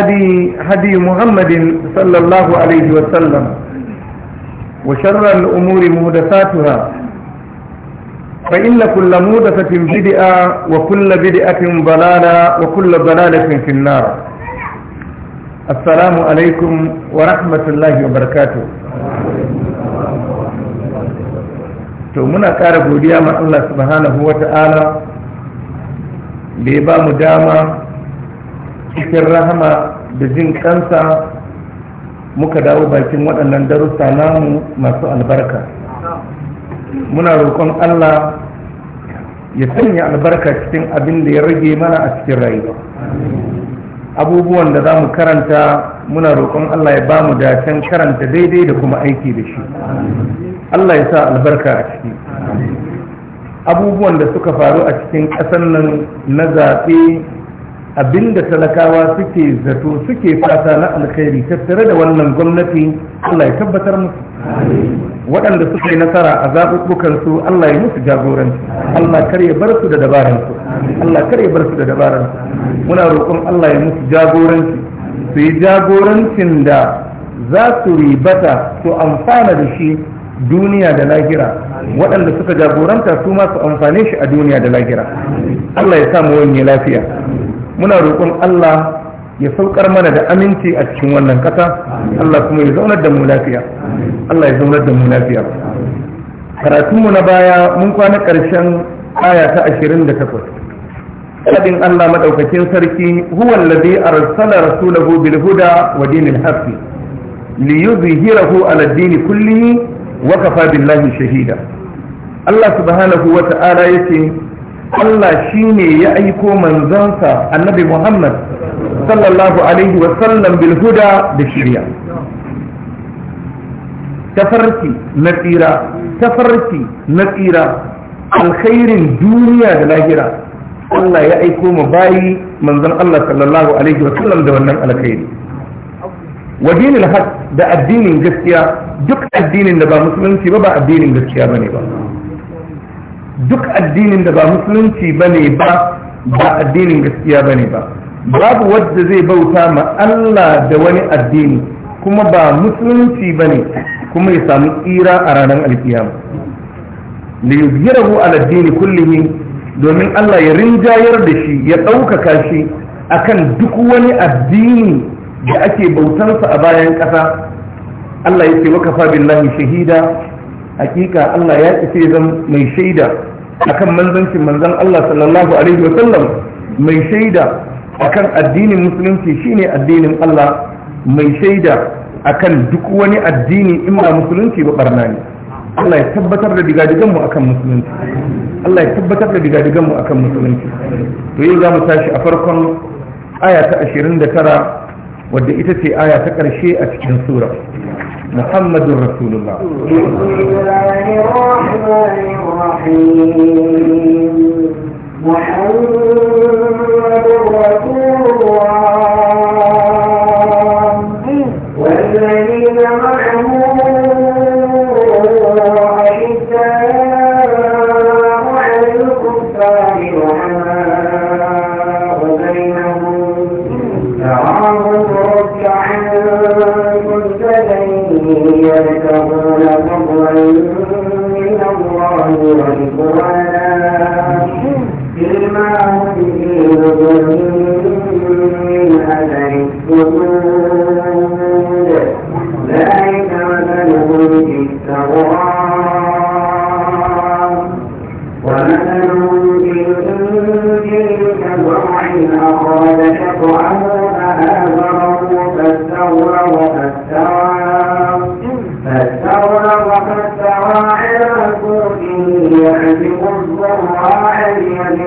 هدي هدي محمد صلى الله عليه وسلم وشر الأمور مهدفاتها فإن كل مهدفة بدئة وكل بدئة ضلالة وكل ضلالة في النار السلام عليكم ورحمة الله وبركاته to muna ƙara godiya ma Allah subhanahu wa ta'ala da ya ba mu dama cikin rahama da jin kansa muka dawo bakin waɗannan darussa namu masu albarka muna roƙon allah ya sanya albarka cikin abin da ya rage mana a cikin rayuwa abubuwan da za mu karanta muna roƙon allah ya ba mu dacen karanta daidai da kuma aiki da shi allah ya sa albarka a ciki abubuwan da suka faru a cikin ƙasar nan na zaɓe abinda talakawa suke zato suke fata na alkhairi tattare da wannan gwamnati Allah ya tabbatar musu waɗanda suka yi nasara a zaɓuɓɓukan su Allah ya musu jagoranci Allah kar ya bar su da dabaran su Allah kar ya bar su da dabaran su muna roƙon Allah ya musu jagoranci su yi jagorancin da za su ribata su amfana da shi duniya da lahira waɗanda suka jagoranta su ma su amfane shi a duniya da lahira Allah ya samu wani lafiya muna roƙon Allah ya saukar mana da aminci a cikin wannan ƙasa Allah kuma ya zaunar da mu lafiya Allah ya zaunar da mu lafiya karatunmu na baya mun kwana ƙarshen aya ta 28 fadin Allah madaukakin sarki huwa allazi arsala rasulahu bil huda wa dinil haqq li yuzhirahu ala ad kullihi wa kafa billahi shahida Allah subhanahu wa ta'ala yace Allah shine ya aiko manzansa annabi Muhammad sallallahu alaihi wasallam bil da shirya tafarki na tsira tafarki na tsira alkhairin duniya da lahira Allah ya aiko mu bayi manzan Allah sallallahu alaihi wasallam da wannan alkhairi Wajen da addinin gaskiya duk addinin da ba musulunci ba ba addinin gaskiya ne ba duk addinin da ba musulunci ba ne ba ba addinin gaskiya bane ba babu wadda zai bauta ma Allah da wani addini kuma ba musulunci ba ne kuma ya samu tsira a ranar alkiyama li yuzhirahu ala addini kullumi domin Allah ya rinjayar da shi ya ɗaukaka shi kan duk wani addini da ake bautansa a bayan ƙasa Allah ya ce wa kafa billahi shahida hakika Allah ya ce zan mai shaida akan manzancin manzan Allah sallallahu alaihi wasallam mai shaida akan addinin musulunci shine addinin Allah mai shaida akan duk wani addini in ba musulunci ba barna ne Allah ya tabbatar da mu akan musulunci Allah ya tabbatar da mu akan musulunci to yau za mu tashi a farkon aya ta 29 wadda ita ce aya ta ƙarshe a cikin sura محمد رسول الله محمد رسول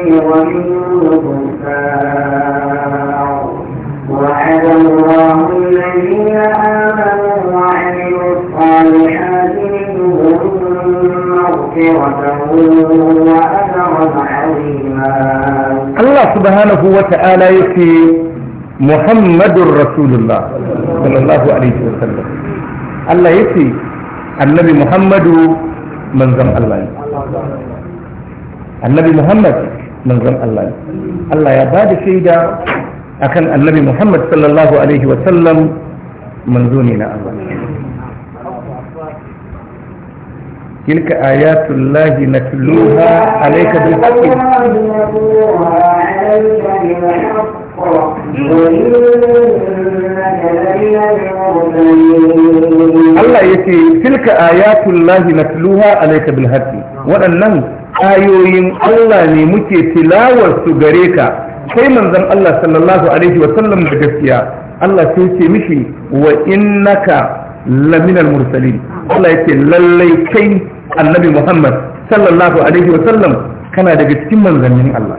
وعد الله الذين آمنوا وعملوا الصالحات مغفرة الله سبحانه وتعالى يكفي محمد رسول الله صلى الله عليه وسلم الله يكفي النبي محمد من manzan الله النبي محمد manzon Allah Allah ya ba da shaida akan annabi Muhammad sallallahu alaihi wa sallam manzo ne na Allah تلك آيات الله نتلوها عليك بالحق Allah ya ce tilka ayatul lahi natluha alayka bil haqqi waɗannan ayoyin Allah ne muke tilawar su gare ka kai manzon Allah sallallahu alaihi wa sallam da gaskiya Allah sai ce mishi wa innaka laminal mursalin Allah yake lallai kai annabi Muhammad sallallahu alaihi wa sallam kana daga cikin manzannin Allah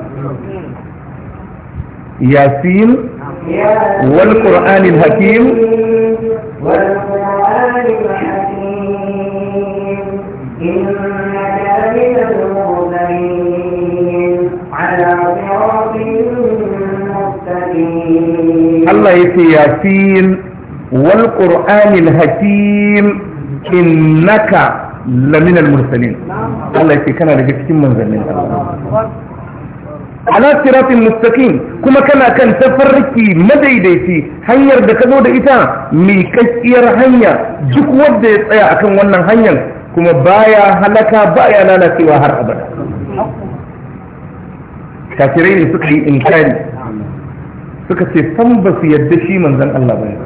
yasin wal qur'anil hakim wal Allah yace yasin wal qur'anil hakim innaka mursalin Allah kana daga cikin manzannin ala siratin mustaqim kuma kana kan tafarki madaidaici hanyar da ka zo da ita miƙaƙƙiyar hanya duk wanda ya tsaya akan wannan hanyar kuma baya halaka baya lalacewa har abada kafirai ne suka yi inkari suka ce san ba su yadda shi manzan Allah ba ne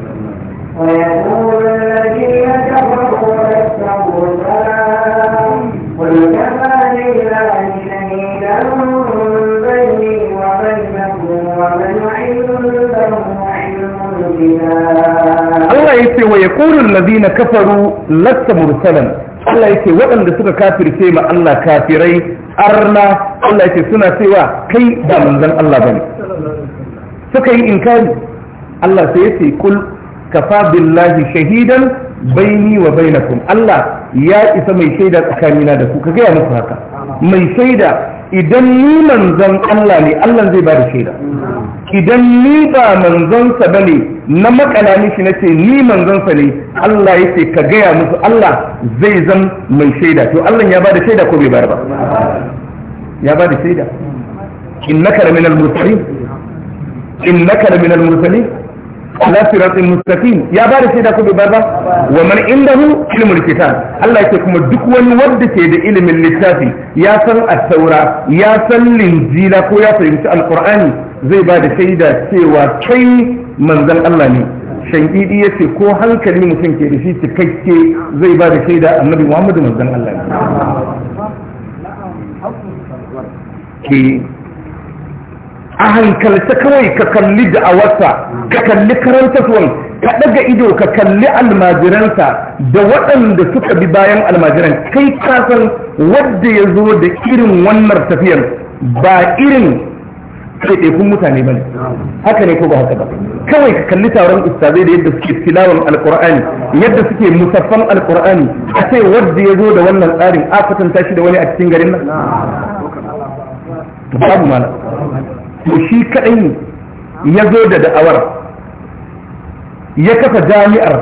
Allah ya ce wa ya ƙurin lazina kafaru lasta mursalan Allah ya ce waɗanda suka kafirce ma Allah kafirai arna Allah ya ce suna cewa kai ba manzan Allah ba ne suka yi inkari Allah sai ya ce kul kafa billahi shahidan baini wa bainakum Allah ya isa mai shaida tsakanina da ku ka gaya musu haka mai shaida idan ni manzon Allah ne Allah zai ba da shaida idan ni ba manzonsa ba ne na makala mishi na ce ni manzonsa ne Allah ya ce ka gaya musu Allah zai zan mai shaida to Allah ya ba da shaida ko bai bayar ba ya ba da shaida innaka laminal mursalin innaka laminal mursalin ala siratin mustaqim ya ba da shaida ko bai ba wa man indahu ilmul kitab Allah yake kuma duk wani wanda ke da ilimin littafi ya san at-taura ya san linjila ko ya fahimci alqur'ani zai ba da shaida cewa kai manzon Allah ne ya yace ko hankali mutum ke da shi cikakke zai ba da shaida annabi Muhammadu manzon Allah ne a hankalta kawai ka kalli da'awarsa ka kalli karantarwar ka daga ido ka kalli almajiransa da waɗanda suka bi bayan almajiran kai kasan wadda ya zo da irin wannan tafiyar ba irin ɗaiɗaikun mutane ba ne haka ne ko ba haka ba kawai ka kalli taron ustazai da yadda suke tilawan alkur'ani yadda suke musaffan alkur'ani a sai wadda ya zo da wannan tsarin a kwatanta shi da wani a cikin garin nan babu malam to shi kaɗai ya zo da da'awar ya kafa jami'ar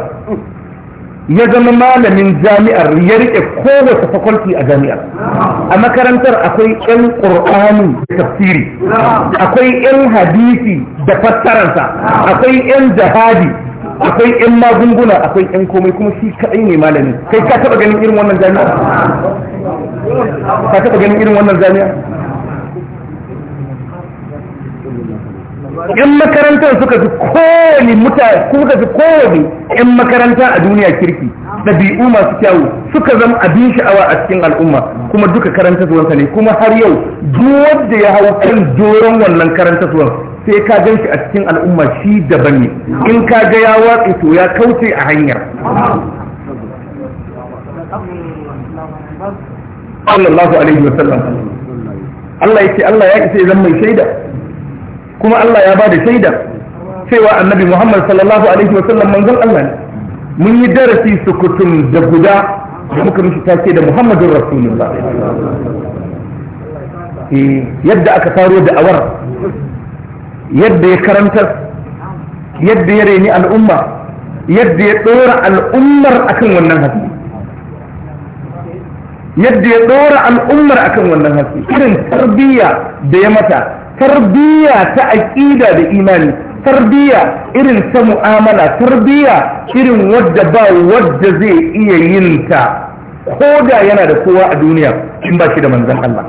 ya zama malamin jami'ar ya riƙe kowace fakulti a jami'ar a makarantar akwai 'yan ƙur'ani da tafsiri akwai 'yan hadisi da fassararsa akwai 'yan jihadi akwai 'yan magunguna akwai 'yan komai kuma shi kaɗai ne malamin kai ka taɓa ganin irin wannan ka taɓa ganin irin wannan jami'ar yan makarantar suka fi kowane mutane suka fi kowane yan makaranta a duniya kirki ɗabi'u masu kyawu suka zama abin sha'awa a cikin al'umma kuma duka karantarwarsa ne kuma har yau duk wanda ya hau kan doron wannan karantarwar sai ka gan shi a cikin al'umma shi daban ne in ka ga ya watsi to ya kauce a hanyar sallallahu alaihi wasallam Allah Allah ya isa zan mai shaida kuma Allah ya bada shaida cewa annabi Muhammad sallallahu alaihi wa sallam manzon Allah ne mun yi darasi sukutun da guda da muka mishi take da Muhammadun Rasulullah eh, yadda aka faro da awar yadda ya karanta, yadda ya reni al'umma yadda ya ɗora al'ummar akan wannan hadisi yadda ya ɗora al'ummar akan wannan haske irin tarbiyya da ya mata tarbiyya ta aƙida da imani tarbiyya irin ta mu'amala tarbiyya irin wadda ba wadda zai iya yin ta ko yana da kowa a duniya in ba shi da manzan Allah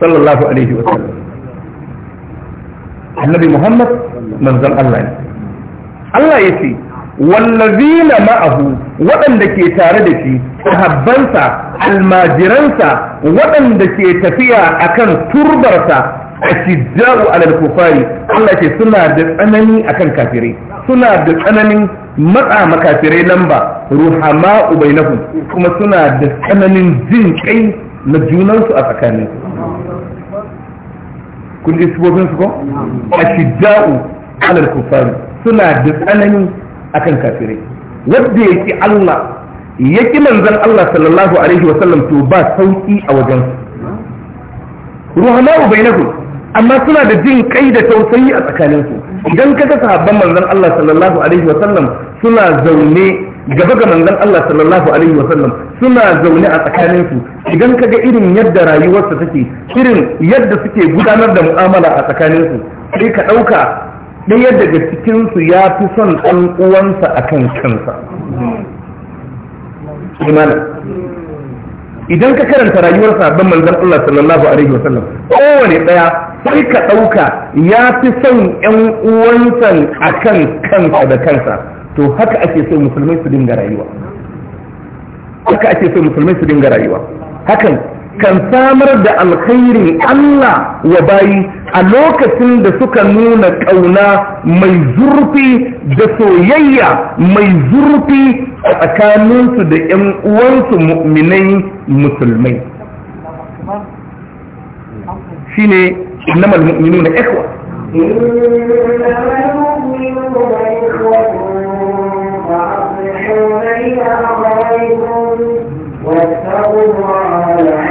sallallahu alaihi wasallam annabi Muhammad manzan Allah ne Allah ya ce wallazina ma'ahu waɗanda ke tare da shi sahabbansa almajiransa waɗanda ke tafiya akan turbarsa ashidda'u alal kufari Allah ke suna da tsanani akan kafirai suna da tsananin matsa makafirai lamba ruhama'u bainahum kuma suna da tsananin jin kai na junansu a tsakanin kun ji su ko ashidda'u alal kufari suna da tsananin. akan kafirai wanda yake Allah yake manzon Allah sallallahu alaihi wa sallam to ba sauki a wajen ruhamau bainakum amma suna da jin kai da tausayi a tsakaninsu idan kaga sahabban manzon Allah sallallahu alaihi wa sallam suna zaune gaba ga manzon Allah sallallahu alaihi suna zaune a tsakanin su idan ka ga irin yadda rayuwarsa take irin yadda suke gudanar da mu'amala a tsakanin su sai ka dauka ɗaya daga cikinsu ya fi son ɗan uwansa a kan kansa imana idan ka karanta rayuwar sabon manzan Allah sallallahu alaihi wasallam kowane ɗaya sai ka ɗauka ya fi son ƴan uwansa a kan kansa da kansa to haka ake so musulmai su dinga rayuwa haka ake so musulmai su dinga rayuwa hakan kan samar da alkhairin Allah wa bayi a lokacin da suka nuna ƙauna mai zurfi da soyayya mai zurfi a tsakaninsu da ‘yan uwansu mu'minai musulmai shi ne namal mu'minu na ikwa واتقوا الله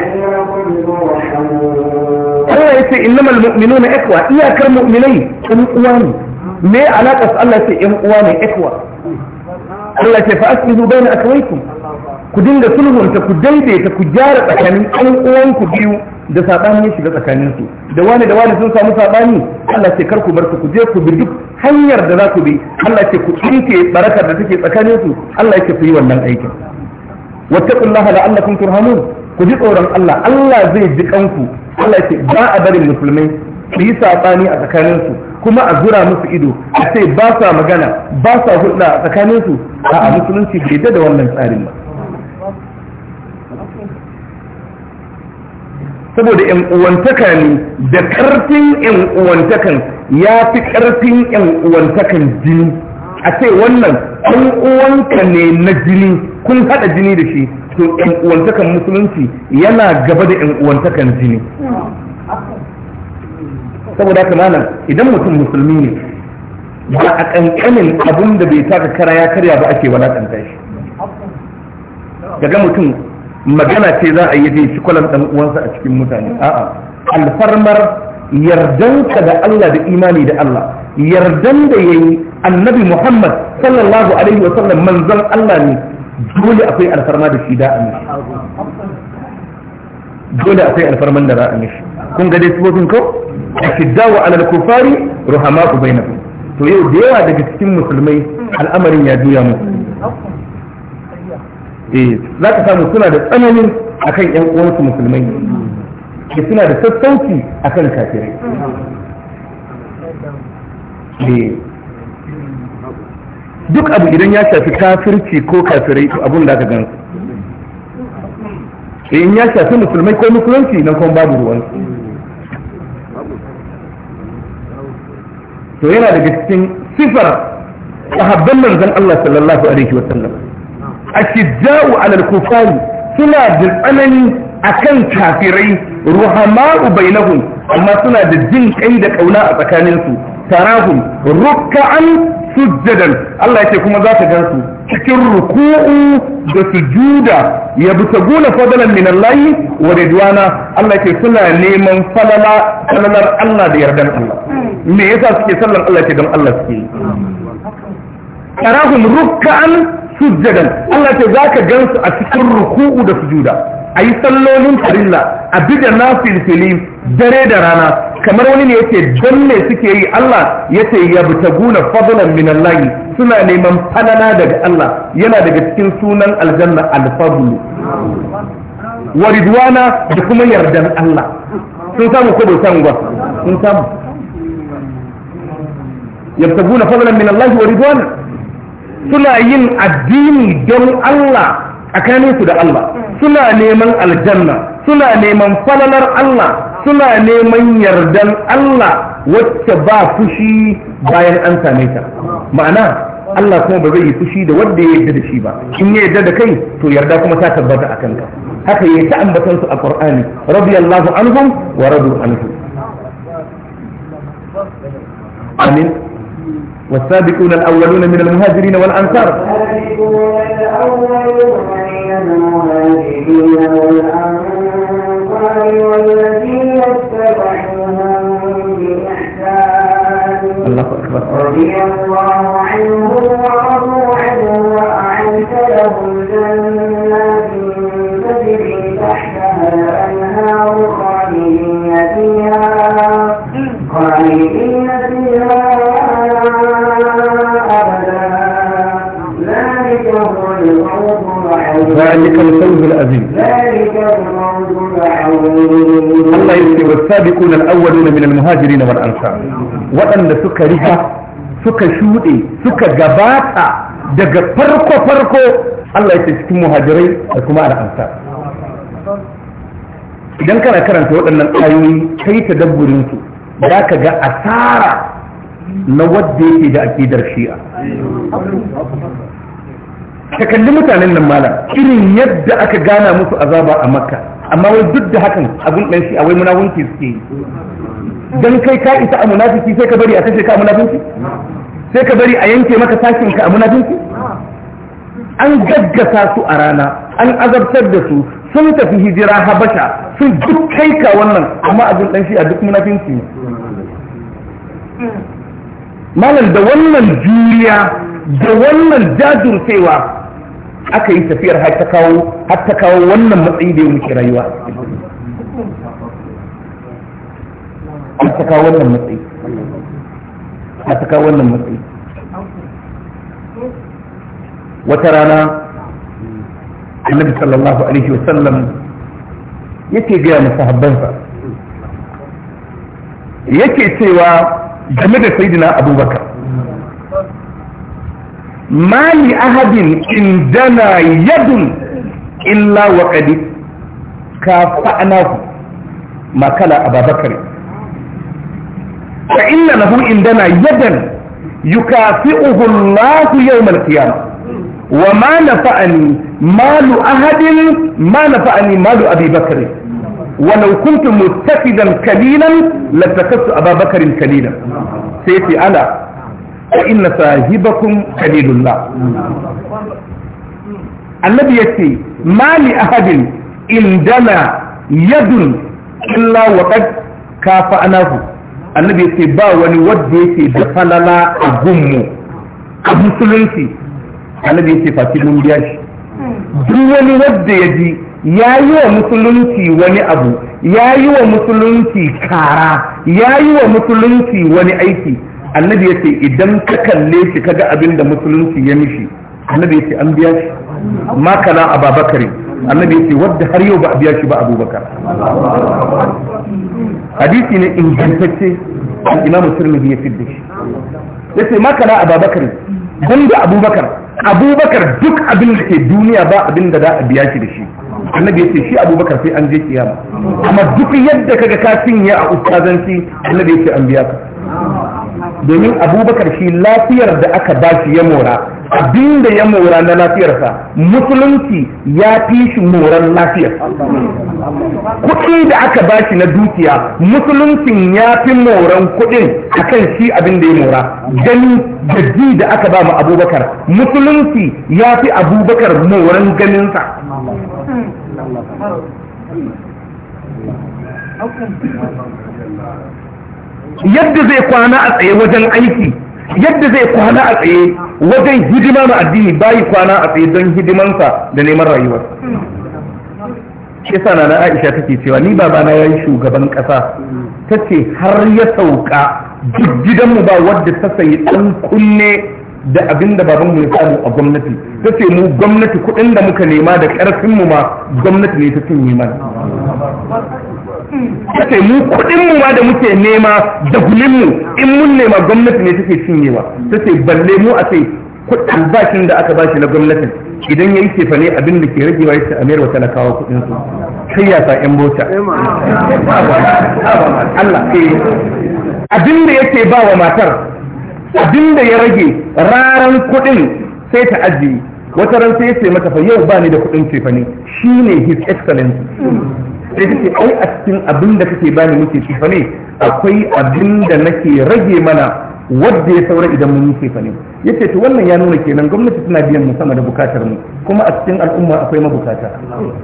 Allah ya ce innamal mu'minuna ikwa iyakar mu'minai ɗan uwa ne me alaƙa su Allah ce ɗan uwa ne ikwa Allah ce fa asbihu bayna akwaikum ku dinga sulhunta ku daidaita ku gyara tsakanin ɗan uwanku biyu da saɓani ya shiga tsakanin su da wani da wani sun samu saɓani Allah ce kar ku bar su ku je ku bi duk hanyar da za ku bi Allah ce ku tsinke barakar da take tsakanin su Allah ce ku yi wannan aikin wattaqullaha la'allakum turhamun ku ji tsoron Allah Allah zai ji kanku Allah ce ba a barin musulmai su yi saɓani a tsakaninsu kuma a zura musu ido a ce ba sa magana ba sa hulɗa a tsakaninsu a a musulunci bai da wannan tsarin ba saboda yan uwantaka ne da karfin yan uwantakan ya fi karfin yan uwantakan jini a ce wannan ɗan uwanka ne na jini kun haɗa jini da shi to uwantakan musulunci yana gaba da ƴan uwantakan jini saboda haka malam idan mutum musulmi ne ba a kankanin abun da bai taka kara ya karya ba ake walakanta shi daga mutum magana ce za a yi dai shi kwalam dan uwansa a cikin mutane a'a alfarmar yardanka da Allah da imani da Allah yardan da yayi annabi Muhammad sallallahu alaihi wa sallam manzon Allah ne dole akwai alfarma da shi da a mishi dole akwai alfarman da za a mishi kun ga dai sifofin ko a shiddawa alal kufari rahama ku bai to yau da yawa daga cikin musulmai al'amarin ya juya musu eh za ka samu suna da tsananin akan yan uwansu musulmai ke suna da sassauci akan kafirai eh, duk abu idan ya shafi kafirci ko kafirai to abun da ka gan eh, in ya shafi musulmai ko musulunci nan kuma babu ruwan to yana daga cikin sifar sahabban manzon Allah sallallahu alaihi wasallam ashidda'u 'ala al-kufari suna da tsanani akan kafirai ruhama'u bainahum amma suna da jin kai da kauna a tsakaninsu tarahum rukka'an sujjadan Allah yake kuma za ta gansu cikin ruku'u da sujuda ya bi ta gula fadalan min Allah wa ridwana Allah yake suna neman falala falalar Allah da yardan Allah me yasa suke sallan? Allah ke dan Allah suke karahum Rukkan sujjadan Allah yake zaka gansu a cikin ruku'u da sujuda ayi sallolin farilla a bida nafil filim dare da rana kamar wani ne yake don me suke yi Allah yace guna fadlan min Allah suna neman fadana daga Allah yana daga cikin sunan aljanna al-fadlu wa ridwana da kuma yardan Allah sun samu ko bai san ba sun samu guna fadlan min Allah wa ridwana suna yin addini don Allah tsakaninsu da Allah suna neman aljanna suna neman falalar Allah suna neman yardan Allah wacce ba fushi bayan an same ta ma'ana Allah kuma ba zai yi fushi da wanda ya yarda da shi ba in ya yarda da kai to yarda kuma ta tabbata a kanka haka yayi ta ambatan su a Qur'ani radiyallahu anhum wa radu anhu amin والسابقون الأولون من المهاجرين والأنصار السابقون الأولون من المهاجرين والأنصار الله أكبر رضي الله عنه ورضوا عنه وأعد لهم جنات تحتها الأنهار خالدين فيها خالدين فيها أبدا ذلك هو الفوز العظيم ذلك الفوز العظيم ذلك Allah ya ce wasabiqun al-awwaluna min al-muhajirin wal ansar waɗanda suka riga suka shuɗe suka gabata daga farko farko Allah ya ce cikin muhajirai da kuma al-ansar idan kana karanta waɗannan ayoyi kai ta dabburin su za ka ga asara na wadda yake da akidar shi'a ka kalli mutanen nan malam irin yadda aka gana musu azaba a makka amma wai duk da hakan abin ɗan shi a wai munafunci suke yi don kai ka isa a munafunci sai ka bari a kashe ka a munafunci sai ka bari a yanke maka tashin ka a munafunci an gaggasa su a rana an azabtar da su sun tafi hijira habasha sun duk kai ka wannan amma abin ɗan shi a duk munafunci ne? malam da wannan juriya da wannan jajircewa aka yi tafiyar har ta kawo har ta kawo wannan matsayi da ya wuce rayuwa har ta kawo wannan matsayi har ta kawo wannan matsayi wata rana annabi sallallahu alaihi wasallam yake gaya musahabbansa yake cewa game da sayidina abubakar ma li ahadin indana yadun illa wa kadi ka fa'anahu makala ababakari fa inna lahu indana yadan yukafi'uhu Allah yawm al-qiyam wa ma nafa'ani malu ahadin ma nafa'ani malu abi bakr wa law kuntu muttafidan kalilan latakattu ababakarin kalilan sai fi ala fa inna sahibakum qalilullah annabi yace mali ahadin indana yadun illa wa qad kafa'nahu annabi yace ba wani wanda yake da falala a gunmu a musulunci annabi yace fati mun biya shi duk wani wanda ya ji ya yi wa musulunci wani abu ya yi wa musulunci kara ya yi wa musulunci wani aiki annabi ya ce idan ka kalle shi kaga abin da musulunci ya mishi annabi ya ce an biya shi ma kana ababakari annabi ya ce wadda har yau ba a biya shi ba abubakar hadisi ne ingantacce al-imamu tirmidhi ya fidda shi ya ce ma kana ababakari da abubakar abubakar duk abin da ke duniya ba abin da za a biya shi da shi annabi ya ce shi abubakar sai an je kiyama amma duk yadda kaga ka sinya a ustazanci annabi ya ce an biya ka domin abubakar shi lafiyar da aka ba shi ya mora abinda ya mora na lafiyarsa musulunci ya fi shi moran lafiyar kuɗi da aka ba shi na dukiya musuluncin ya fi moran kuɗin akan shi abinda ya mora gani da ji da aka ba mu abubakar musulunci ya fi abubakar moran ganinsa hmm. yadda zai kwana a tsaye wajen aiki yadda zai kwana a tsaye wajen hidima na addini bayi kwana a tsaye don hidimansa da neman rayuwar shi na aisha take cewa ni babana ya yi shugaban ƙasa ta ce har ya sauka gidanmu ba wadda ta sayi ɗan kunne da abin da mu ya samu a gwamnati ta ce mu gwamnati kuɗin da muka nema da karfin mu ma gwamnati ne ta cinye mana kai mu kuɗinmu ma da muke nema da mu in mun nema gwamnati ne take cinyewa ta ce balle mu a ce kuɗin bashin da aka bashi na gwamnatin idan ya yi cefane abin da ke rage ragewa yake a wa talakawa kudin su kai ya sa yan bota Allah eh. abin da yake ba wa matar abin da ya rage raran kuɗin sai ta ajiye wata ran sai ya ce mata fa yau ba ni da kuɗin cefane shine his excellence sai kace ai a cikin abin da kake bani muke ci fa ne akwai abin da nake rage mana wadda ya saura idan mun yi fa ne yace to wannan ya nuna kenan gwamnati tana biyan mu sama da bukatar mu kuma a cikin al'umma akwai mabukata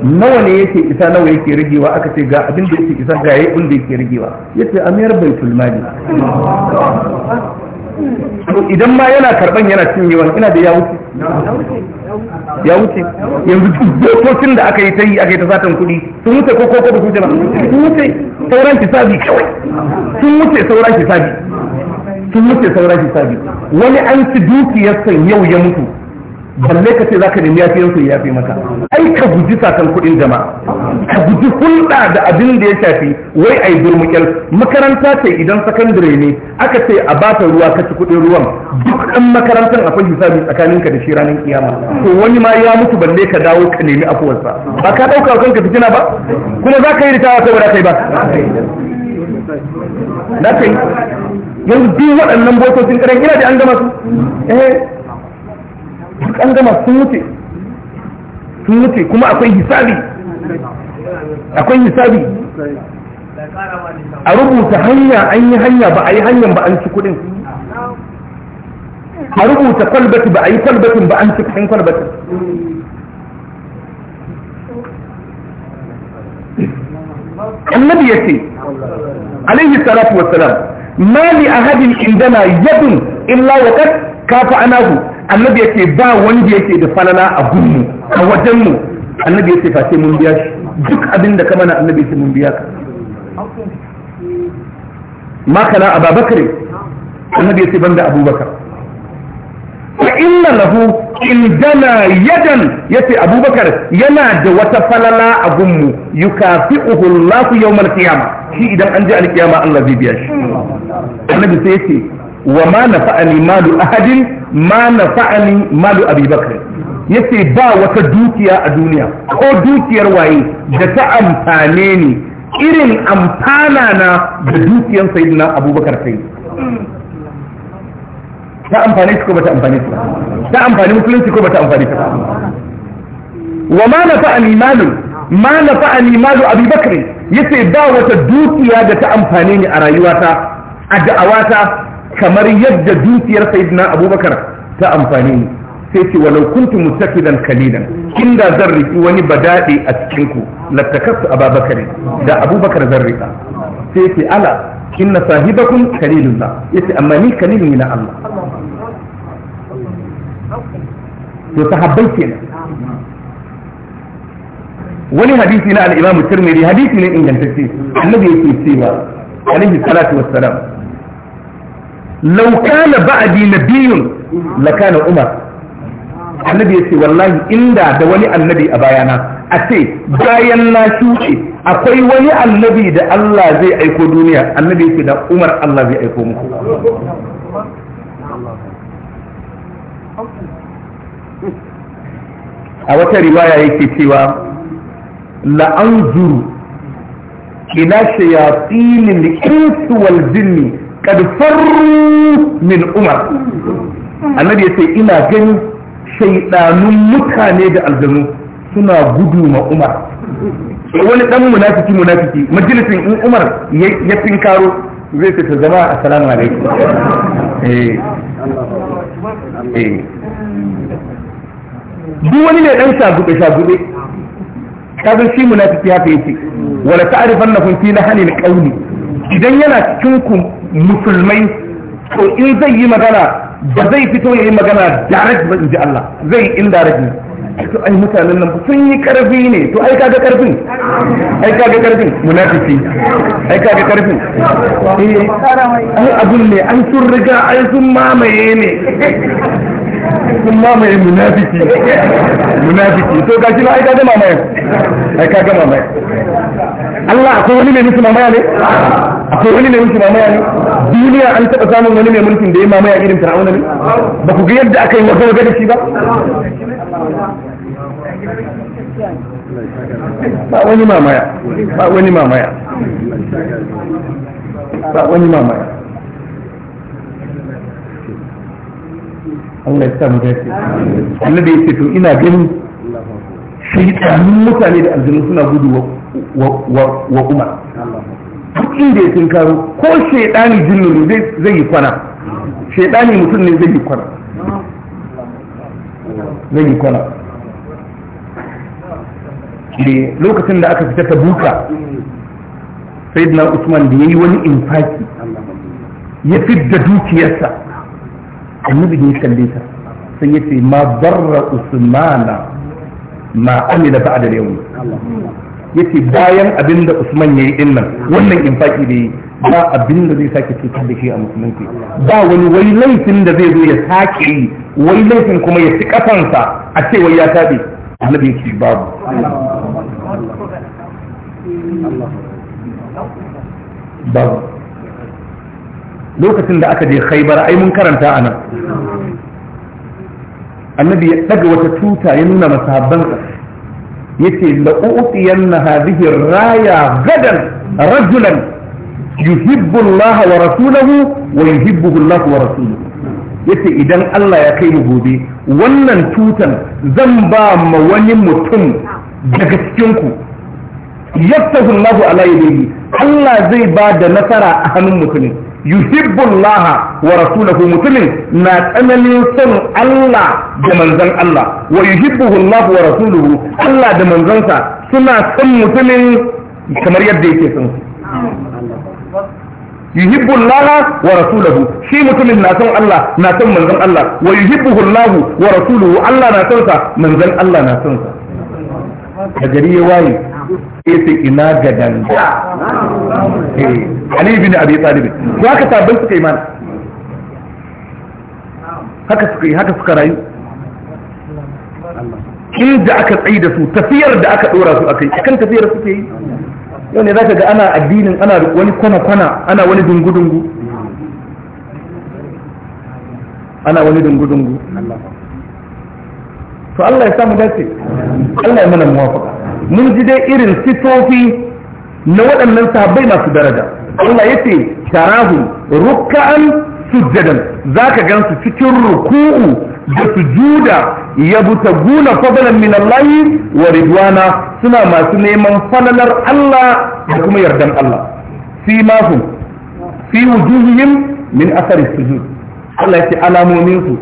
nawa ne yake isa nawa yake rigewa aka ce ga abin da yake isa ga yayin da yake rigewa yace amir baitul mali idan ma yana karban yana cinyewa ina da ya wuce ya wuce yanzu dokokin da aka yi ta yi aka yi ta satan kuɗi sun wuce ko koko da su wuce ba sun wuce sauran hisabi kawai sun wuce sauran hisabi sun wuce sauran hisabi wani an ci san yau ya mutu balle ka ce za ka nemi yafiyan su yafi maka ai ka guji sakan kuɗin jama'a ka guji hulɗa da abin da ya shafi wai ai durmukyal makaranta ce idan sakandare ne aka ce a bata ruwa ka ci kuɗin ruwan duk ɗan makarantar akwai hisabi tsakanin ka da shi ranar kiyama to wani ma ya mutu balle ka dawo ka nemi afuwarsa ba ka ɗauka ka fitina ba kuma za ka yi ritawa saboda kai ba na kai yanzu duk waɗannan bokosin ƙarar ina da an gama su eh duk an gama sun wuce sun wuce kuma akwai hisabi akwai hisabi a rubuta hanya an yi hanya ba a yi hanyar ba an ci kudin a rubuta kwalbati ba a yi kwalbatin ba an ci kudin kwalbatin annabi ya ce alaihi salatu wassalam ma li ahadin indana yadun illa wa kad kafa anahu annabi yake ba wanda yake da falala a gunmu a wajenmu annabi yake face mun biya shi duk abin da ka mana annabi yake mun biya ka makana ababakar annabi yake banda abubakar fa inna lahu in dana yadan yace abubakar yana da wata falala a gunmu yukafi'uhu Allah yawmal qiyamah shi idan an ji alkiyama Allah zai biya shi annabi sai yace wa ma na fa'ani malu ahadin ma na fa'ani malu abi bakr yace ba wata dukiya a duniya ko dukiyar waye da ta amfane ni irin amfana na da dukiyar sayyidina abubakar sai ta amfane shi ko ba ta amfane shi ta amfani musulunci ko ba ta amfane shi wa ma na fa'ani malu ma na fa'ani malu abi bakr yace ba wata dukiya da ta amfane ni a rayuwata a da'awata kamar yadda dukiyar sayyidina abubakar ta amfani ni sai ce walau kuntu mustaqidan kalilan inda zan riki wani badade a cikin ku lattakastu ababakar da abubakar zan rika sai ce ala inna sahibakum kalilullah yace amma ni kalilun na Allah to sahabbai kenan wani hadisi na al-Imam Tirmidhi hadisi ne ingantacce annabi yake cewa alaihi salatu wassalam law ba'adi ba'di nabiyyun lakana umar annabi yace wallahi inda da wani annabi a bayana a ce bayan na shuke akwai wani annabi da Allah zai aiko duniya annabi yace da umar Allah zai aiko muku a wata riwaya yake cewa la'anzuru ina shayatin al-insi kad farru min umar annabi ya ce ina gani shaidanun mutane da aljanu suna gudu ma umar wani dan munafiki munafiki majalisin in umar ya tinkaro zai ce ta zama assalamu alaikum eh eh duk wani ne dan shagube shagube kaga shi munafiki haka yake wala ta'rifannakum fi lahanil qawli idan yana cikin ku musulmai to in zai yi magana ba zai fito ya yi magana direct ba in ji Allah zai yi indirect ne to ai mutanen nan sun yi karfi ne to ai kaga karfin ai kaga karfin munafiki ai kaga karfin eh ai abun ne an sun riga ai sun mamaye ne sun mamaye munafiki munafiki to ga shi Allah akwai wani mai musu mamaya ne akwai wani mai musu mamaya ne duniya an taɓa samun wani mai mulkin da ya mamaya irin fir'auna ne ba ku ga yadda aka yi wata waje da shi ba ba wani mamaya ba wani mamaya ba wani mamaya Allah ya sa mu dace annabi ce to ina ganin shaytanin mutane da aljanu suna gudu wa umar duk inda ya tunkaro ko shaidani jinnu ne zai yi kwana shaidani mutum ne zai yi kwana zai yi kwana ne lokacin da aka fita ta buka Sayyidina usman da ya yi wani infaki ya fidda dukiyarsa annabi da ya kalle ta sai ya ce ma barra usmana ma amila ba'da yawm yace bayan abin da usman yayi din nan wannan infaki da yi ba abin da zai sake cutar da shi a musulunci ba wani wai laifin da zai zo ya sake yi wai laifin kuma ya ci kafansa a ce wai ya tabe annabi ya ce babu babu lokacin da aka je khaibar ai mun karanta anan, annabi ya daga wata tuta ya nuna masahabbansa yace la u'tiyanna hadhihi raya gadan rajulan yuhibbu Allah wa rasulahu wa yuhibbuhu Allah wa rasuluhu yace idan Allah ya kai mu gobe wannan tutan zan ba ma wani mutum daga cikin ku yaftahu Allah ala Allah zai ba da nasara a hannun mutumin YuhibbulLaha wa rasulahu mutumin na tsananin son Allah da manzon Allah wa yuhibbuhu wa rasuluhu Allah da manzansa suna son mutumin kamar yadda yake son YuhibbulLaha wa rasuluhu shi mutumin na son Allah na son manzon Allah wa yuhibbuhu wa rasuluhu Allah na son sa manzon Allah na son sa da gari ya waye sai ina ga danga Ali bin Abi Talib ko haka sabbin suka yi mana haka suka yi haka suka rayu inda aka tsayi da su tafiyar da aka dora su akai akan tafiyar su ke yi yau ne zaka ga ana addinin ana wani kwana-kwana ana wani dungu-dungu ana wani dungu-dungu to Allah ya samu dace Allah ya mana muwafaka mun ji dai irin sitofi na waɗannan sahabbai masu daraja Allah ya ce tarahu rukka'an sujjadan zaka gansu cikin ruku'u da sujuda yabtaguna fadlan min Allah wa ridwana suna masu neman falalar Allah da kuma yardan Allah fi mahum fi wujuhihim min athari sujud Allah ya ce alamomin su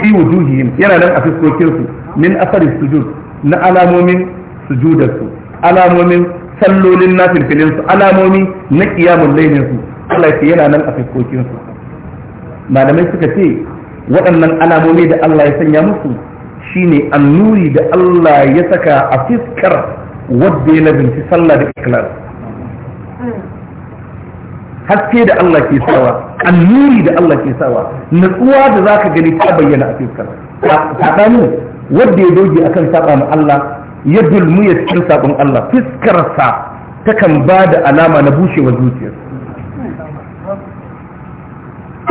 fi wujuhihim yana nan a fiskokin su min athari sujud na alamomin sujudarsu alamomin sallolin na filfilinsu alamomi na kiyamun laifinsu Allah ya yana nan a fiskokinsu malamai suka ce waɗannan alamomi da Allah ya sanya musu shine annuri da Allah ya saka a fiskar wadda ya labinci sallah da ikilar haske da Allah ke sawa annuri da Allah ke sawa natsuwa da za ka gani ta bayyana a fiskar wanda ya doge akan saba ma Allah ya dulmu ya cikin sabon Allah fiskarsa kan ba da alama na bushewar zuciyar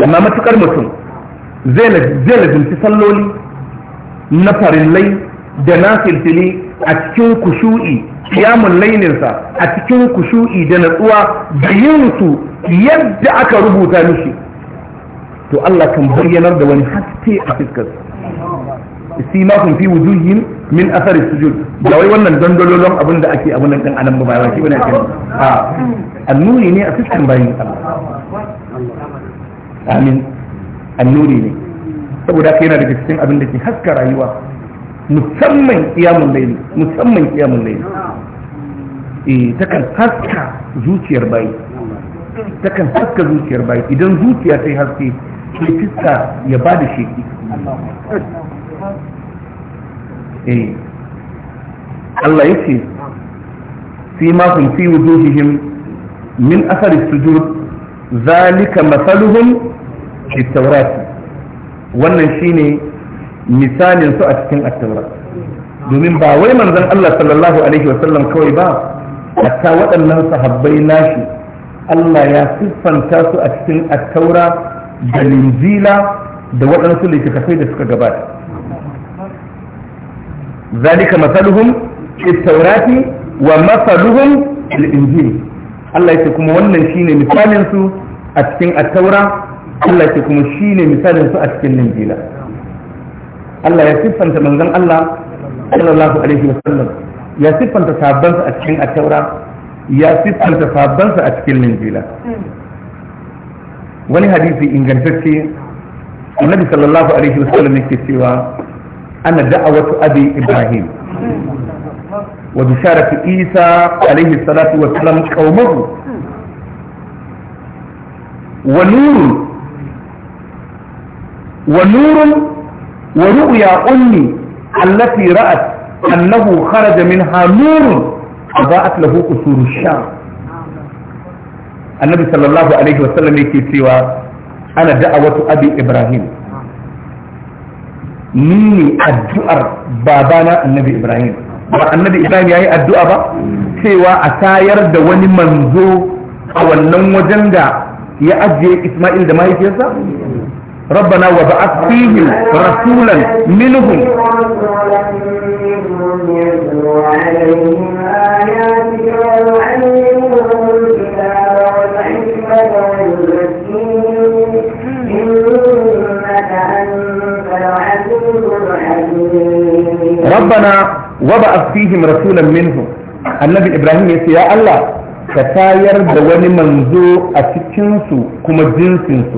amma matukar mutum zai lazimci salloli na farillai da na filfili a cikin kushu'i kiyamun laininsa a cikin kushu'i da natsuwa da yin yadda aka rubuta mishi to Allah kan bayyanar da wani haske a fiskarsa simahum fi wujuhihim min athar sujud da wai wannan dandalolon abin da ake abin nan din anan ba ba shi bane ake a annuri ne a cikin bayin Allah amin annuri ne saboda kai yana daga cikin abin da ke haska rayuwa musamman kiyamun laili musamman kiyamun laili eh takan haska zuciyar bayi takan haska zuciyar bayi idan zuciya ta yi haske sai ya ba da sheki eh Allah yake fi ma kun fi wujuhihim min athar sujud zalika masaluhum fi tawrat wannan shine misalin su a cikin attaura. domin ba wai manzon Allah sallallahu alaihi wasallam kawai ba hatta waɗannan sahabbai nashi Allah ya siffanta su a cikin attaura da linjila da waɗansu littattafai da suka gabata zalika masaluhum fi taurati wa masaluhum fil injil Allah yake kuma wannan shine misalin a cikin at-taura Allah yake kuma shine misalin a cikin injila Allah ya siffanta manzon Allah sallallahu alaihi wasallam ya siffanta sabban a cikin at-taura ya siffanta sabban a cikin injila wani hadisi ingantacce annabi sallallahu alaihi yake cewa ana da'awatu abi ibrahim wa bisharatu isa alaihi salatu wa salam wa nurun wa nurun wa ru'ya ummi allati ra'at annahu kharaja minha nurun adaa'at lahu usuru sham annabi sallallahu alaihi wa sallam yake cewa ana ibrahim ni ne addu'ar babana annabi ibrahim ba annabi ibrahim ya yi addu'a ba cewa a tayar da wani manzo a wannan wajen da ya ajiye isma'il da mahaifiyarsa ربنا وبعث فيهم rasulan منهم rabbana wa ba'ath fihim rasulan minhum annabi ibrahim ya ce Allah ka da wani manzo a cikin kuma jinsin su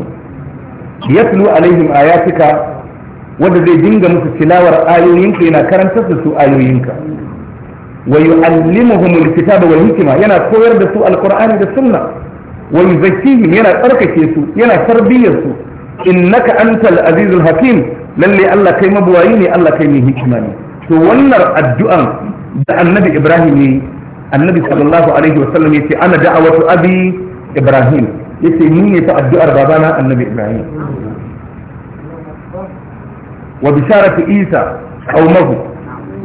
yatlu alaihim ayatika wanda zai dinga musu tilawar ayoyinka yana karantar da su ayoyinka wa yu'allimuhum alkitaba wal hikma yana koyar da su alqur'ani da sunna wa yuzakkihim yana tsarkake su yana tarbiyyar su innaka antal azizul hakim lallai Allah kai mabuwayi ne Allah kai mai hikima ne to wannan addu'an da annabi ibrahim ne annabi sallallahu alaihi wasallam yace ana da'awatu abi ibrahim Ya ce ni ne ta addu'ar babana annabi ibrahim wa bisharatu isa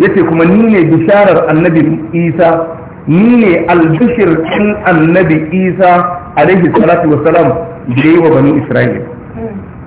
Ya ce kuma ni ne bisharar annabi isa ni ne albishir ɗin annabi isa alaihi salatu wasalam da yi wa bani isra'il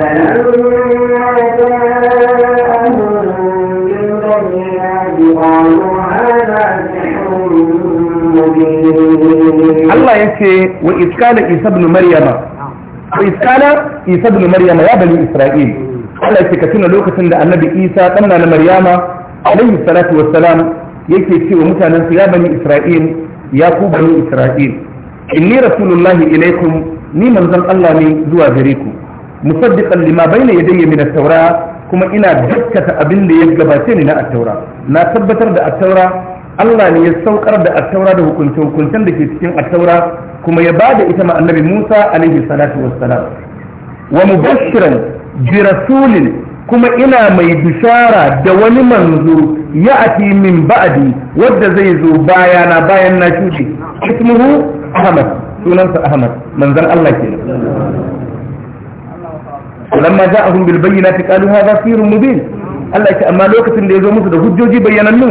Allah ya ce wa iskala Isa bin Maryama wa iskala Isa bin Maryama ya bani Isra'il Allah ya ce ka tuna lokacin da Annabi Isa ɗanna na Maryama alaihi salatu salam yake ce wa mutanen su ya bani Isra'il ya ku bani Isra'il inni rasulullahi ilaikum ni manzon Allah ne zuwa gare ku musaddiqan lima bayna yadayya min at-taura kuma ina dakkata abin da ya gabace ni na at-taura na tabbatar da at-taura Allah ne ya saukar da at-taura da hukunce hukuncen da ke cikin at-taura kuma ya bada ita ma annabi Musa alaihi salatu wassalam wa mubashiran bi rasulin kuma ina mai bishara da wani manzo ya ati min ba'di wadda zai zo bayana bayan na shuɗe ismuhu Ahmad sunansa Ahmad manzon Allah kenan lamma ja'ahum bil bayyinati qalu hadha sihrun mubin Allah ya amma lokacin da ya zo musu da hujjoji bayyanannu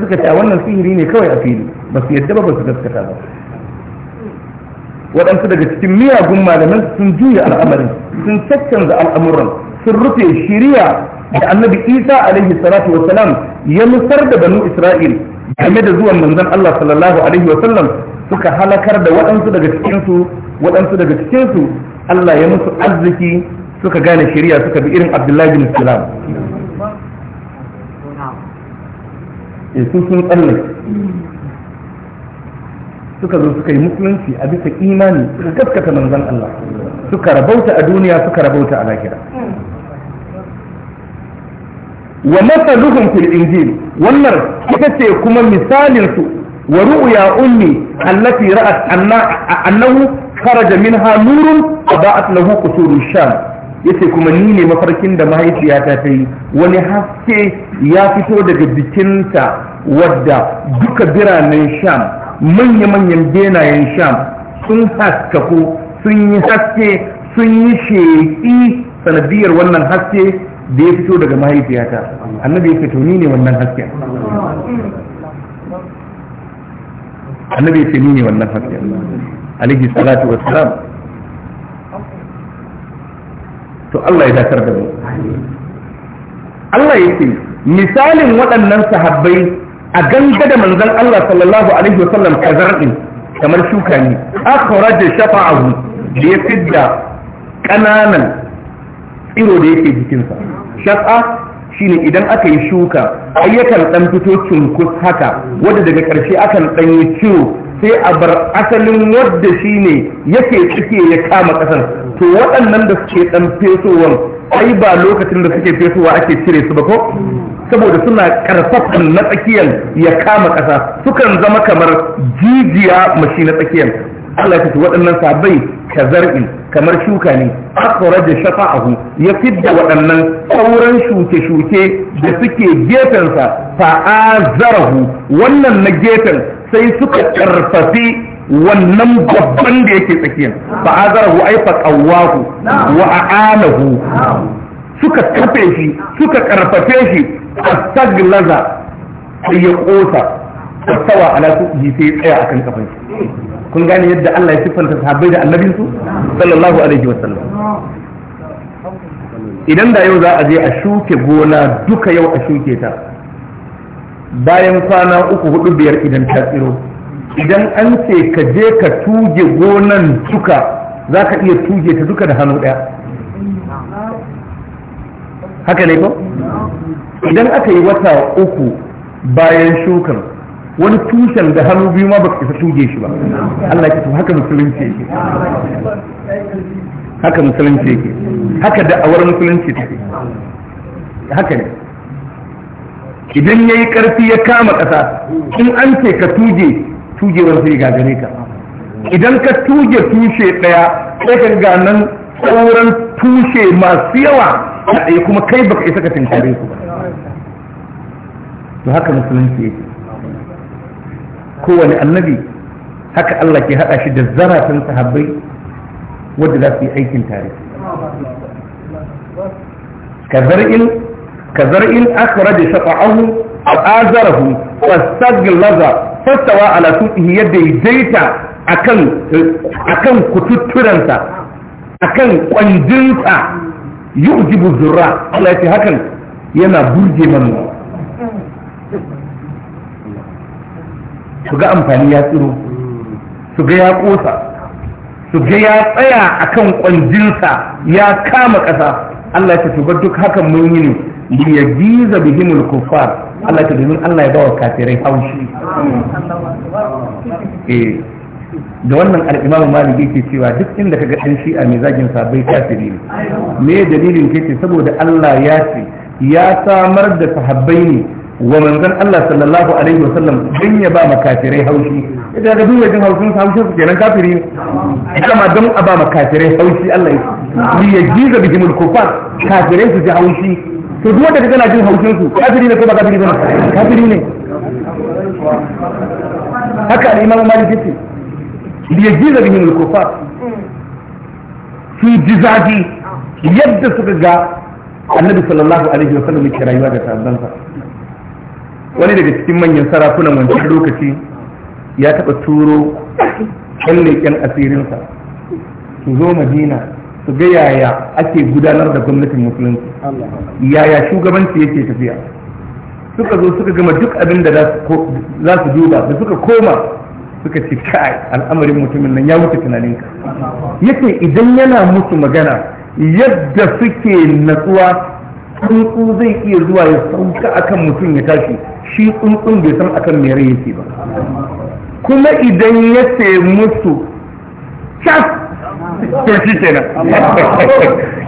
suka ce wannan sihiri ne kawai a fili ba su yadda ba ba su gaskata ba waɗansu daga cikin miyagun malaman sun juya al'amarin sun caccanza al'amuran sun rufe shiriya da annabi isa alaihi salatu wa salam ya nusar da banu isra'il game da zuwan manzon allah sallallahu alaihi wa sallam suka halakar da waɗansu daga cikinsu waɗansu daga cikinsu allah ya musu arziki suka gane shari'a suka bi irin abdullahi bin salam eh, su sun tsalle suka zo suka yi musulunci a bisa imani suka gaskata manzan Allah suka rabauta a duniya suka rabauta a lahira wa masaluhum fil injil wannan ita ce kuma misalin su wa ru'ya ummi allati ra'at annahu kharaja minha nurun adaa'at lahu qusurul sham yace kuma ni ne mafarkin da mahaifiyata ta yi wani haske ya fito daga jikinta wadda duka biranen sham manya-manyan benayen sham sun haskaku sun yi haske sun yi sheƙi sanadiyar wannan haske da ya fito daga mahaifiyata annabi ya fito ni ne wannan hasken annabi ya ce ni ne wannan hasken alihi salatu wassalam to Allah ya dakar da mu Allah yake misalin waɗannan sahabbai a ganga da manzon Allah sallallahu alaihi wasallam kazar'in kamar shuka ne akhraj shafa'ahu da ya fidda kananan tsiro da yake jikinsa shafa shine idan aka yi shuka ayyukan dan fito cunkus haka wanda daga ƙarshe akan dan yi ciro sai a bar asalin wadda shi ne yake cike ya kama ƙasar to waɗannan da suke ɗan fesowar ai ba lokacin da suke fesowa ake cire su ba ko saboda suna ƙarfafan na tsakiyar ya kama ƙasa sukan zama kamar jijiya mashi na tsakiyar Allah ya waɗannan sabai ka zar'i kamar shuka ne akhraja shafa'ahu ya fidda waɗannan sauran shuke-shuke da suke gefensa fa zarahu. wannan na gefen sai suka karfafi wannan babban da yake tsakiya fa azarahu ay aifa qawahu wa aanahu suka kafe shi suka karfafe shi a astaglaza sai ya kosa tawa ala yi sai tsaya akan kafin shi kun gane yadda Allah ya siffanta sahabbai da annabinsu sallallahu alaihi wasallam idan da yau za a je a shuke gona duka yau a shuke ta bayan kwana uku hudu biyar idan ta tsiro idan an ce ka je ka tuge gonan duka za ka iya tuge ta duka da hannu ɗaya haka ne ko? idan aka yi wata uku bayan shukan wani tushen da hannu biyu ma ba ka isa tuge shi ba Allah ki haka musulunci yake haka musulunci yake haka awar musulunci take haka ne idan ya yi ƙarfi ya kama ƙasa in an ce ka tuje tujewar sai gagare ka idan ka tuje tushe ɗaya sai ka ga nan sauran tushe masu yawa a eh, kuma kai baka isa ka tinkare su to haka musulunci yake kowane annabi haka Allah ke haɗa shi da zarafin sahabbai wadda za su yi aikin tare ka in كزرع أخرج شطعه أو آزره فاستغلظ فاستوى على سوقه يدي جيتا أكن أكن كتترنسا أكن قنجنسا يعجب الزراع الله يتي هكذا ينا برج منه su ga amfani ya tsiro su ga ya kosa su ga ya tsaya a kan ƙwanjinsa ya kama ƙasa Allah ya tuba duk hakan mun yi ne li yajiza bihimul kuffar Allah ya domin Allah ya bawa kafirai haushi eh da wannan al'imamu maliki ke cewa duk inda kaga ɗan a mai sa bai kafiri ne me dalilin ke ce saboda Allah ya ce ya samar da sahabbai ne wa manzon Allah sallallahu alaihi wa sallam dan ya ba makafirai haushi idan ga duk wajen haushin haushin su kenan kafiri ne kuma don a ba makafirai haushi Allah ya ce. li yajiza bihim al-kufar kafirai su ji haushi to duk wanda kana jin haushin su kafiri ne ko ba kafiri ba kafiri ne haka al-imam malik yace li yajiza bihim al-kufar su ji zafi yadda suka ga annabi sallallahu alaihi wa sallam ke rayuwa da ta'addansa wani daga cikin manyan sarakunan wancan lokaci ya taɓa turo kyan leƙen asirinsa su zo madina su ga yaya ake gudanar da gwamnatin musulunci yaya shugabanci yake tafiya suka zo suka gama duk abin da za su duba da suka koma suka ce kai al'amarin mutumin nan ya wuce tunaninka yake idan yana musu magana yadda suke natsuwa tsuntsu zai iya zuwa ya sauka akan mutum ya tashi shi tsuntsun bai san akan mere yake ba kuma idan ya ce musu cas to shi kenan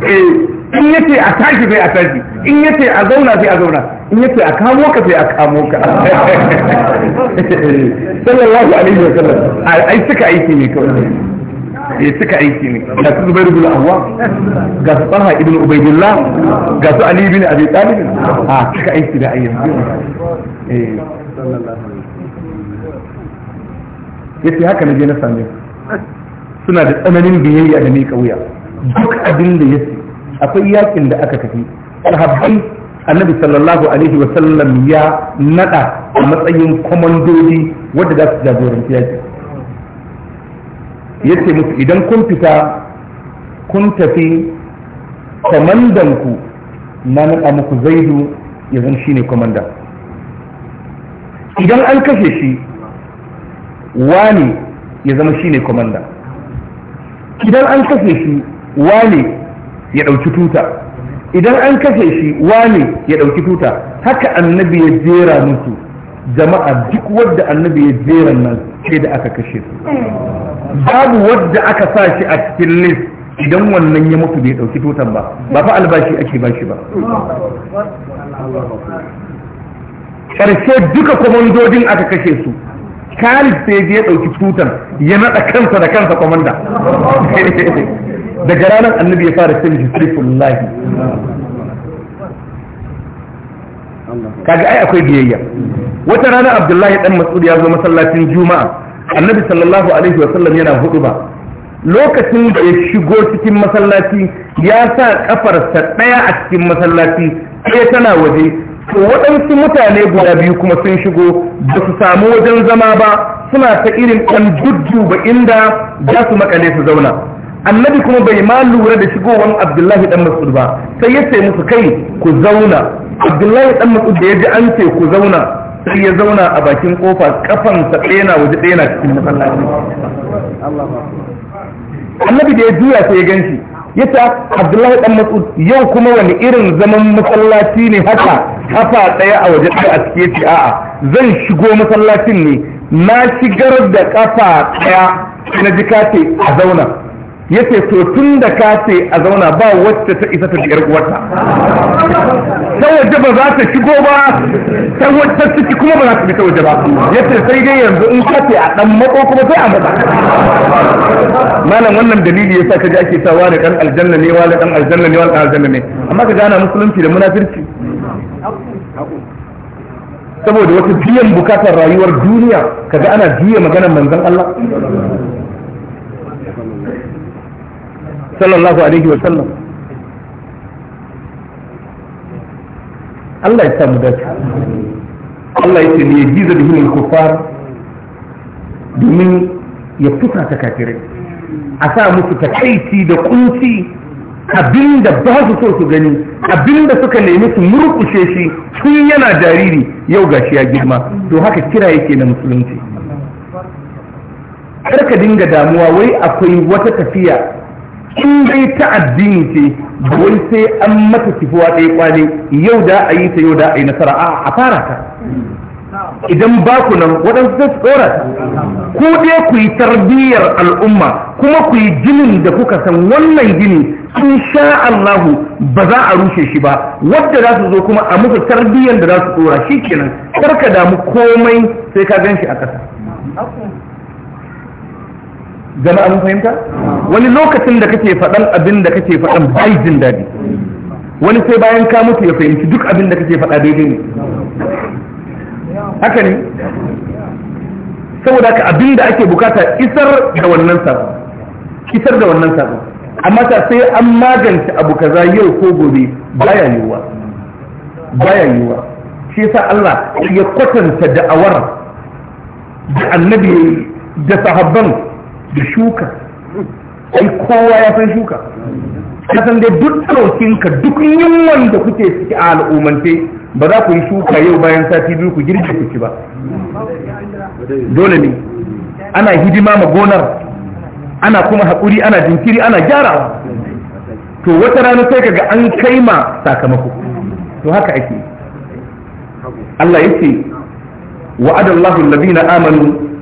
eh, in yace a tashi sai a tashi in yace a zauna sai a zauna in yace a kamo ka sai a kamo ka sallallahu alaihi wa sallam ai suka aiki ne kawai ya eh, suka aiki ne ga su zubairu bin awwa ga su talha ibn ubaydillah ga su ali bin abi talib a ah, suka aiki da ayyan eh yace haka na je na same suna da tsananin biyayya da miƙa wuya duk abin da ya akwai yakin da aka kafi. sahabbai annabi sallallahu alaihi wa sallam ya nada a matsayin kwamandoji wadda za su jagoranci yaki ya ce musu idan kun fita kun tafi kwamandanku na nada muku zaidu ya zama shine kwamanda idan an kashe shi wani ya zama shine kwamanda idan an kashe shi wane ya ɗauki tuta idan an kashe shi wane ya ɗauki tuta haka annabi ya jera musu jama'a duk wadda annabi ya jera nan ce da aka kashe su babu wadda aka sa shi a cikin list idan wannan ya mutu bai ɗauki tutan ba ba fa albashi ake bashi ba karshe duka kwamandodin aka kashe su Khalid sai ya ɗauki tutan ya naɗa kansa da kansa komanda daga ranar annabi ya fara cin jisrifullahi kaga ai akwai biyayya wata rana abdullahi ɗan mas'ud ya zo masallacin juma'a annabi sallallahu alaihi wa sallam yana ba. lokacin da ya shigo cikin masallaci ya sa kafarsa ɗaya a cikin masallaci sai tana waje to waɗansu mutane guda biyu kuma sun shigo ba su samu wajen zama ba suna ta irin ɗan ba inda za su makale su zauna annabi kuma bai ma lura da shigowan abdullahi dan mas'ud ba sai ya ce musu kai ku zauna abdullahi dan mas'ud da ya ji an ce ku zauna sai ya zauna a bakin kofa kafansa ɗena waje ɗaya cikin masallaci annabi da ya juya sai ya ganshi. yata abdullahi dan mas'ud yau kuma wani irin zaman masallaci ne haka kafa daya a waje ɗaya a cike ce a'a zan shigo masallacin ne na shigar da kafa daya na ji a zauna yace to tun da ka ce a zauna ba wacce ta isa ta biyar uwarta ta waje ba za ta shigo ba ta wacce ciki kuma ba za ta bi ta waje ba yace sai dai yanzu in ka ce a dan mako kuma sai a maza malam wannan dalili yasa ka ji ake cewa ne dan aljanna ne wala dan aljanna ne wala dan aljanna ne amma ka gana musulunci da munafirci saboda wata biyan bukatar rayuwar duniya kaga ana biya maganar manzon Allah sallallahu alaihi wa sallam Allah ya samu dace Allah ya ce ne ya da al-kuffar domin ya fusa ta kafirai a sa musu takaici da kunci abinda ba su so su gani abinda suka nemi su murkushe shi tun yana jariri yau gashi ya girma to haka kira yake na musulunci kar ka dinga damuwa wai akwai wata tafiya in dai ta addini ce ba wai sai an mata kifuwa ɗaya kwale yau da a yi ta yau da a yi nasara a fara ta idan ba ku nan waɗansu zai tsora ku dai ku yi tarbiyyar al'umma kuma ku yi ginin da kuka san wannan gini in sha Allahu ba za a rushe shi ba wadda za su zo kuma a musu tarbiyyar da za su tsora shi kenan karka damu komai sai ka gan shi a ƙasa Gama mun fahimta wani lokacin da kake faɗan abin da kake faɗan bai jin daɗi wani sai bayan ka mutu ya fahimci duk abin da kake faɗa daidai ne haka ne saboda ka abin da ake bukata isar da wannan sabo isar da wannan sabo amma ta sai an magance abu kaza yau ko gobe baya yiwuwa baya yiwuwa shi yasa Allah ya kwatanta da awar da annabi da sahabban da shuka ai kowa ya san shuka kasan dai duk ka duk yunwan da kuke ciki a al'umante ba za ku yi shuka yau bayan sati biyu ku girbe ku ci ba dole ne ana hidima ma gonar ana kuma haƙuri ana jinkiri ana gyarawa to wata rana sai kaga an kai ma sakamako to haka ake Allah ya wa'adallahu allazina amanu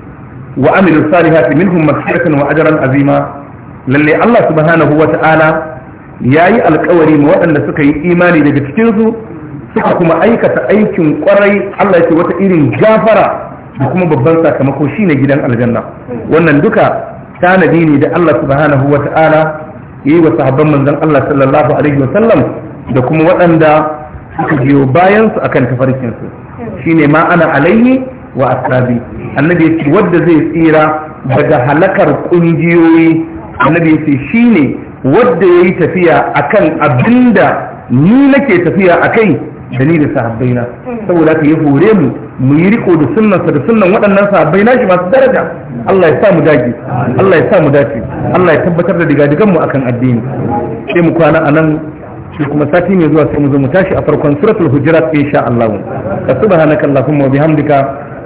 wa amilu salihati minhum maghfiratan wa ajran azima lalle Allah subhanahu wa ta'ala yayi alƙawari ma waɗanda suka yi imani daga cikin su suka kuma aikata aikin kwarai Allah yake wata irin gafara da kuma babban sakamako shine gidan aljanna wannan duka tanadi ne da Allah subhanahu wa ta'ala yi wa sahabban manzon Allah sallallahu alaihi wa sallam da kuma waɗanda suka biyo bayan su akan tafarkin su shine ma ana alaihi wa asabi annabi yace wanda zai tsira daga halakar kungiyoyi annabi yace shine wanda yayi tafiya akan abinda ni nake tafiya akai da ni da sahabbaina saboda ka ya hore mu mu yi riko da sunna da sunnan waɗannan sahabbaina shi masu daraja Allah ya sa mu dage Allah ya sa mu dace Allah ya tabbatar da digadigan mu akan addini sai mu kwana anan shi kuma sati ne zuwa sai mu zo mu tashi a farkon suratul hujurat insha Allah ka subhanaka allahumma wa bihamdika